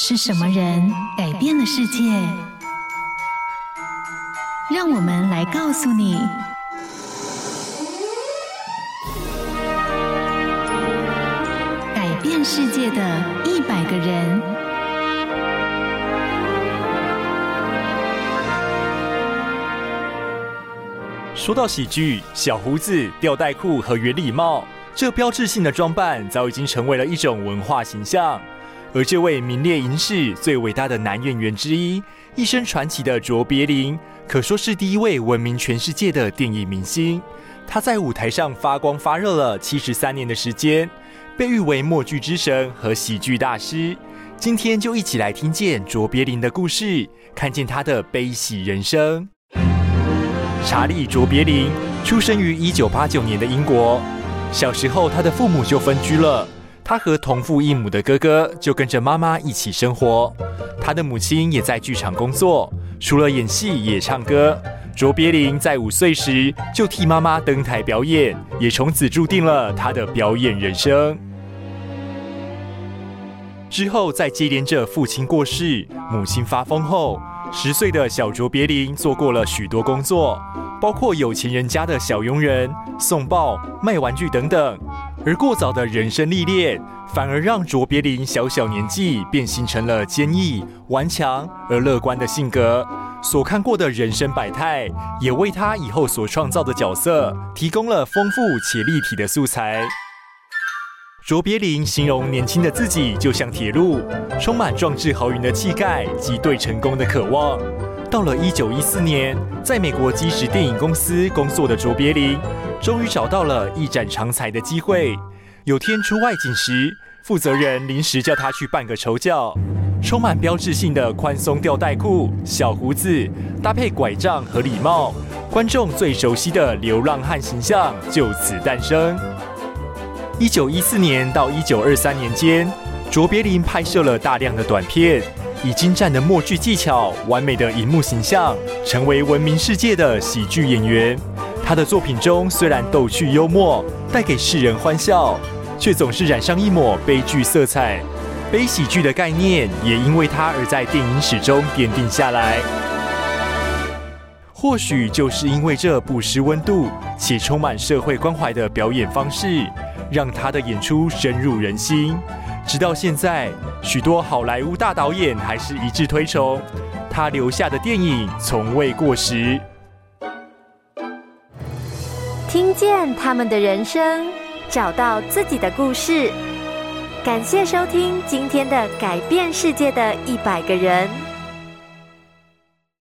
是什麼人改變了世界？讓我們來告訴你：改變世界的一百個人。說到喜劇，小鬍子、吊帶褲和圓禮帽，這標誌性的裝扮早已經成為了一種文化形象。而這位名列影史最偉大的男演員之一、一生傳奇的卓別林，可說是第一位聞名全世界的電影明星。他在舞台上發光發熱了七十三年的時間，被譽為默劇之神和喜劇大師。今天就一起來聽見卓別林的故事，看見他的悲喜人生。查理·卓別林出生於一九八九年的英國，小時候他的父母就分居了。他和同父異母的哥哥就跟着媽媽一起生活，他的母親也在劇場工作，除了演戲也唱歌。卓別林在五歲時就替媽媽登台表演，也從此注定了他的表演人生。之後，在接連着父親過世、母親發瘋後，十歲的小卓別林做過了許多工作，包括有錢人家的小傭人、送報、賣玩具等等。而過早的人生歷練，反而讓卓別林小小年紀便形成了堅毅、頑強而樂觀的性格。所看過的人生百態，也為他以後所創造的角色提供了豐富且立體的素材。卓別林形容年輕的自己就像鐵路，充滿壯志豪雲的氣概及對成功的渴望。到了一九一四年，在美國基石電影公司工作的卓別林，終於找到了一展長才的機會。有天出外景時，負責人臨時叫他去扮個丑角，充滿標誌性的寬鬆吊帶褲、小鬍子，搭配拐杖和禮帽，觀眾最熟悉的流浪漢形象就此誕生。一九一四年到一九二三年間，卓別林拍攝了大量的短片。以精湛的默劇技巧、完美的熒幕形象，成為聞名世界的喜劇演員。他的作品中雖然逗趣幽默，帶給世人歡笑，卻總是染上一抹悲劇色彩。悲喜劇的概念也因為他而在電影史中奠定下來。或許就是因為這不失溫度且充滿社會關懷的表演方式，讓他的演出深入人心。直到現在，許多好萊塢大導演還是一致推崇他留下的電影，從未過時。聽見他們的人生，找到自己的故事。感謝收聽今天的《改變世界的一百個人》。